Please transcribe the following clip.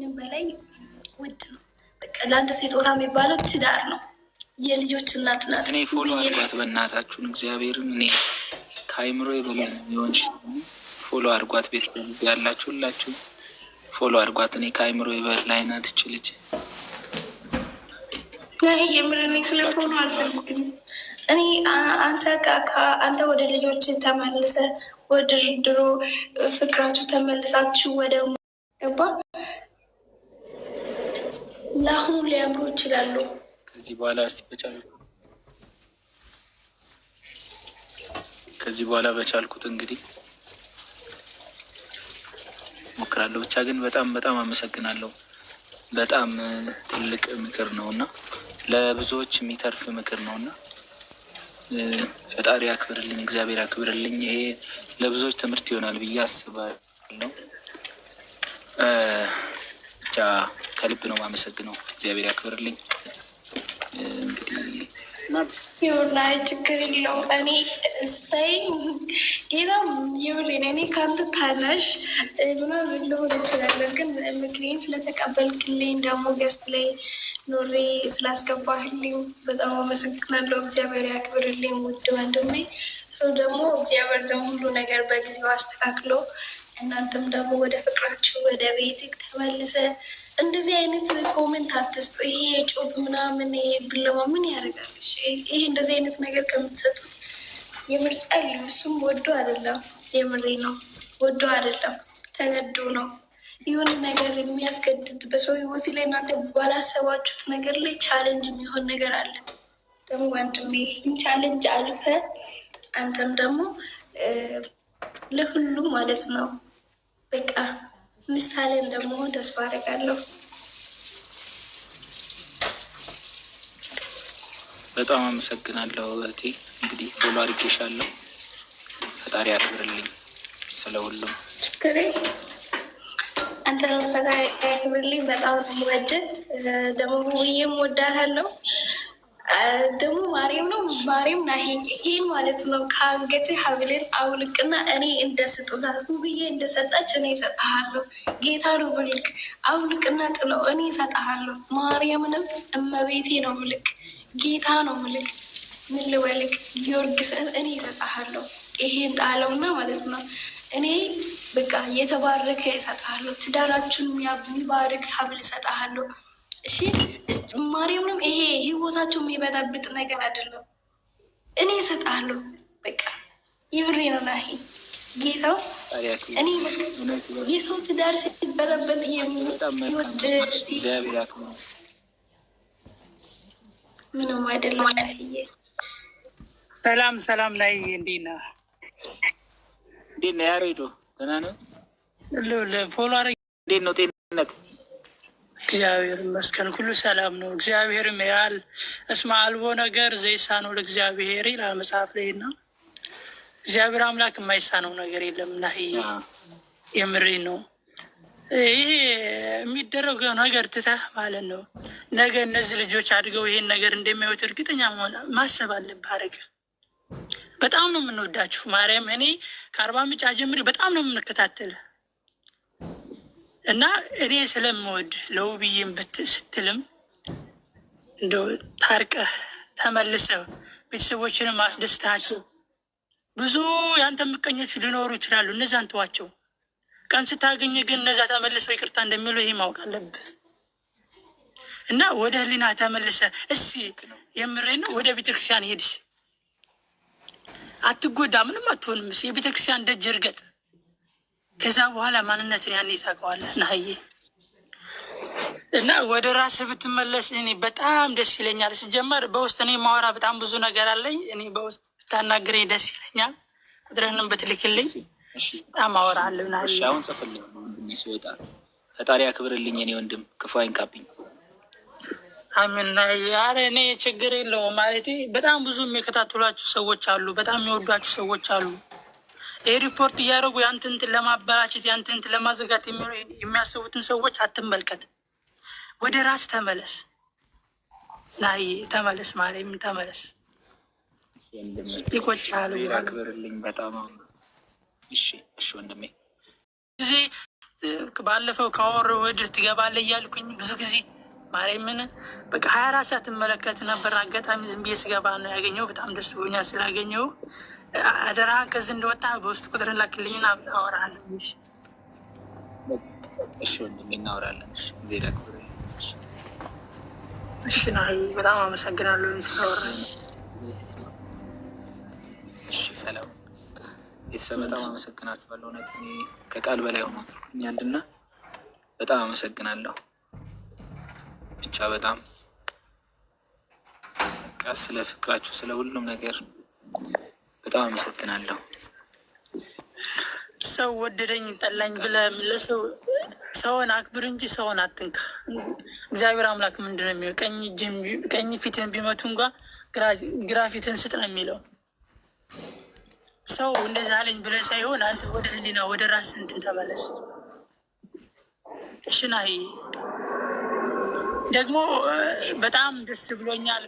ምንም በላይ ውድ ነው። በቃ ለአንተ ስጦታ የሚባለው ትዳር ነው። የልጆች እናት ናት። እኔ ፎሎ አድርጓት በእናታችሁን እግዚአብሔርን እኔ ከአይምሮ በላይ ሆንሽ። ፎሎ አድርጓት ቤት በጊዜ ያላችሁ ሁላችሁ ፎሎ አድርጓት። እኔ ከአይምሮ በላይ ናት ይች ልጅ። የምር እኔ ስለ ፎሎ አልፈልግም። እኔ አንተ አንተ ወደ ልጆች ተመልሰ ወደ ድሮ ፍቅራችሁ ተመልሳችሁ ወደ ገባ ለአሁኑ ሊያምሩ ይችላሉ። ከዚህ በኋላ ከዚህ በኋላ በቻልኩት እንግዲህ ሞክራለሁ። ብቻ ግን በጣም በጣም አመሰግናለሁ። በጣም ትልቅ ምክር ነው እና ለብዙዎች የሚተርፍ ምክር ነው እና ፈጣሪ አክብርልኝ፣ እግዚአብሔር አክብርልኝ ይሄ ለብዙዎች ትምህርት ይሆናል ብዬ አስባለሁ ብቻ ከልብ ነው ማመሰግነው። እግዚአብሔር ያክብርልኝ። ይሁን ላይ ችግር የለው። እኔ ስታይ ጌታ ይኸውልህ እኔ ከአንተ ታናሽ ምናምን ልሆን እችላለሁ፣ ግን ምክሬን ስለተቀበልክልኝ ደግሞ ገስት ላይ ኖሬ ስላስገባህልኝ በጣም አመሰግናለሁ። እግዚአብሔር ያክብርልኝ ውድ ወንድሜ። ሰው ደግሞ እግዚአብሔር ደግሞ ሁሉ ነገር በጊዜው አስተካክሎ እናንተም ደግሞ ወደ ፍቅራችሁ ወደ ቤትህ ተመልሰ እንደዚህ አይነት ኮሜንት አትስጡ። ይሄ ጮብ ምናምን ይሄ ብለማ ምን ያደርጋል? ይሄ እንደዚህ አይነት ነገር ከምትሰጡ የምር ጸልዩ። እሱም ወዶ አይደለም፣ የምሬ ነው። ወዶ አይደለም፣ ተገዶ ነው። የሆነ ነገር የሚያስገድድ በሰው ህይወት ላይ እናንተ ባላሰባችሁት ነገር ላይ ቻለንጅ የሚሆን ነገር አለ። ደግሞ ወንድሜ ይህን ቻለንጅ አልፈ አንተም ደግሞ ለሁሉም ማለት ነው በቃ ምሳሌ እንደመሆን ተስፋ አደርጋለሁ። በጣም አመሰግናለሁ እህቴ። እንግዲህ ቶሎ አድርጌሻለሁ። ፈጣሪ አክብርልኝ ስለ ሁሉም ችግሬ። አንተ ፈጣሪ አክብርልኝ። በጣም ወድ ደግሞ ውዬም ወዳታለሁ ደግሞ ማሬም ነው ማሬም ና ይሄ ማለት ነው። ከአንገት ሀብልን አውልቅና እኔ እንደሰጠ ውብዬ እንደሰጣች እኔ እሰጥሃለሁ። ጌታ ነው ብልክ አውልቅና ጥለው እኔ እሰጥሃለሁ። ማርያምንም እመቤቴ ነው ምልክ ጌታ ነው ምልክ ምን ልበልክ ጊዮርጊስን እኔ እሰጥሃለሁ። ይሄን ጣለውና ማለት ነው እኔ በቃ የተባረከ እሰጥሃለሁ። ትዳራችሁን የሚባርክ ሀብል እሰጥሃለሁ። እሺ ጭማሪውንም ይሄ ህይወታቸው የሚበጣብጥ ነገር አይደለም። እኔ እሰጣለሁ። በቃ ይብሬ ነው ናሂ ጌታው። እኔ የሰው ትዳር ሲበለበት የሚወድ ምንም አይደለም። ሰላም ሰላም፣ ላይ እንዴት ነህ? እንዴት ነህ? ያሬዶ ደህና ነው። ፎሎ አረ እንዴት ነው ጤንነት? እግዚአብሔር ይመስገን፣ ሁሉ ሰላም ነው። እግዚአብሔር ያል እስመ አልቦ ነገር ዘይሳነው ለእግዚአብሔር ይላል መጽሐፍ ላይ እና እግዚአብሔር አምላክ የማይሳነው ነገር የለም እና የምሬ ነው። ይሄ የሚደረገው ነገር ትተህ ማለት ነው። ነገ እነዚህ ልጆች አድገው ይሄን ነገር እንደሚያዩት እርግጠኛ መሆን ማሰብ አለብህ። አረገ በጣም ነው የምንወዳችሁ ማርያም። እኔ ከአርባ ምንጭ ጀምሬ በጣም ነው የምንከታተልህ እና እኔ ስለምወድ ለውብዬም ስትልም እንደ ታርቀህ ተመልሰህ ቤተሰቦችንም አስደስታቸው። ብዙ የአንተ ምቀኞች ሊኖሩ ይችላሉ፣ እነዛ ተዋቸው። ቀን ስታገኝ ግን እነዛ ተመልሰው ይቅርታ እንደሚሉ ይሄ ማወቅ አለብህ። እና ወደ ህሊና ተመልሰ እስ የምሬ ነው። ወደ ቤተክርስቲያን ሄድሽ አትጎዳ፣ ምንም አትሆንም። የቤተክርስቲያን ደጅ እርገጥ ከዛ በኋላ ማንነትን ያኔ ታውቀዋለህ ናሀዬ እና ወደ ራስህ ብትመለስ እኔ በጣም ደስ ይለኛል። ስጀመር በውስጥ እኔ ማወራ በጣም ብዙ ነገር አለኝ። እኔ በውስጥ ብታናግረኝ ደስ ይለኛል። ቁጥርህንም ብትልክልኝ በጣም አወራ አለሁ ናሀዬ። አሁን ጽፍልኝ ወንድሜ ፈጣሪ አክብርልኝ። እኔ ወንድም ክፉ አይንካብኝ። አሚን ናሀዬ። ኧረ እኔ ችግር የለውም ማለቴ በጣም ብዙ የሚከታተሏችሁ ሰዎች አሉ፣ በጣም የሚወዷችሁ ሰዎች አሉ ሪፖርት እያደረጉ ያንትንት ለማበላሸት ያንትንት ለማዘጋት የሚያስቡትን ሰዎች አትመልከት። ወደ ራስ ተመለስ። ናይ ተመለስ፣ ማርያም ተመለስ። ይቆጫል። ጊዜ ባለፈው ከወር ወደ ትገባለ እያልኩኝ ብዙ ጊዜ ማርያምን በቃ ሀያ አራት ሰዓት ትመለከት ነበር። አጋጣሚ ዝም ብዬ ስገባ ነው ያገኘው። በጣም ደስ ብሎኛል ስላገኘው አደራ ከዚህ እንደወጣ በውስጥ ቁጥር ላክልኝና አወራለሽ። እሺ ወንድሜ እናወራለን። ዜና ክብር እሺ ና በጣም አመሰግናለሁ። ስታወራ እሺ ሰላም ቤተሰብ በጣም አመሰግናችኋለሁ። እውነት እኔ ከቃል በላይ ሆኖ እኛ እንድና በጣም አመሰግናለሁ። ብቻ በጣም በቃ ስለ ፍቅራችሁ ስለ ሁሉም ነገር በጣም አመሰግናለሁ። ሰው ወደደኝ ጠላኝ ብለህ ለሰው ሰውን አክብር እንጂ ሰውን አትንካ። እግዚአብሔር አምላክ ምንድን ነው የሚለው? ቀኝ ፊትን ቢመቱ እንኳ ግራ ፊትን ስጥ ነው የሚለው። ሰው እንደዚህ አለኝ ብለህ ሳይሆን አንተ ወደ ህሊና ወደ ራስ እንትን ተመለስ። እሽናይ ደግሞ በጣም ደስ ብሎኛል።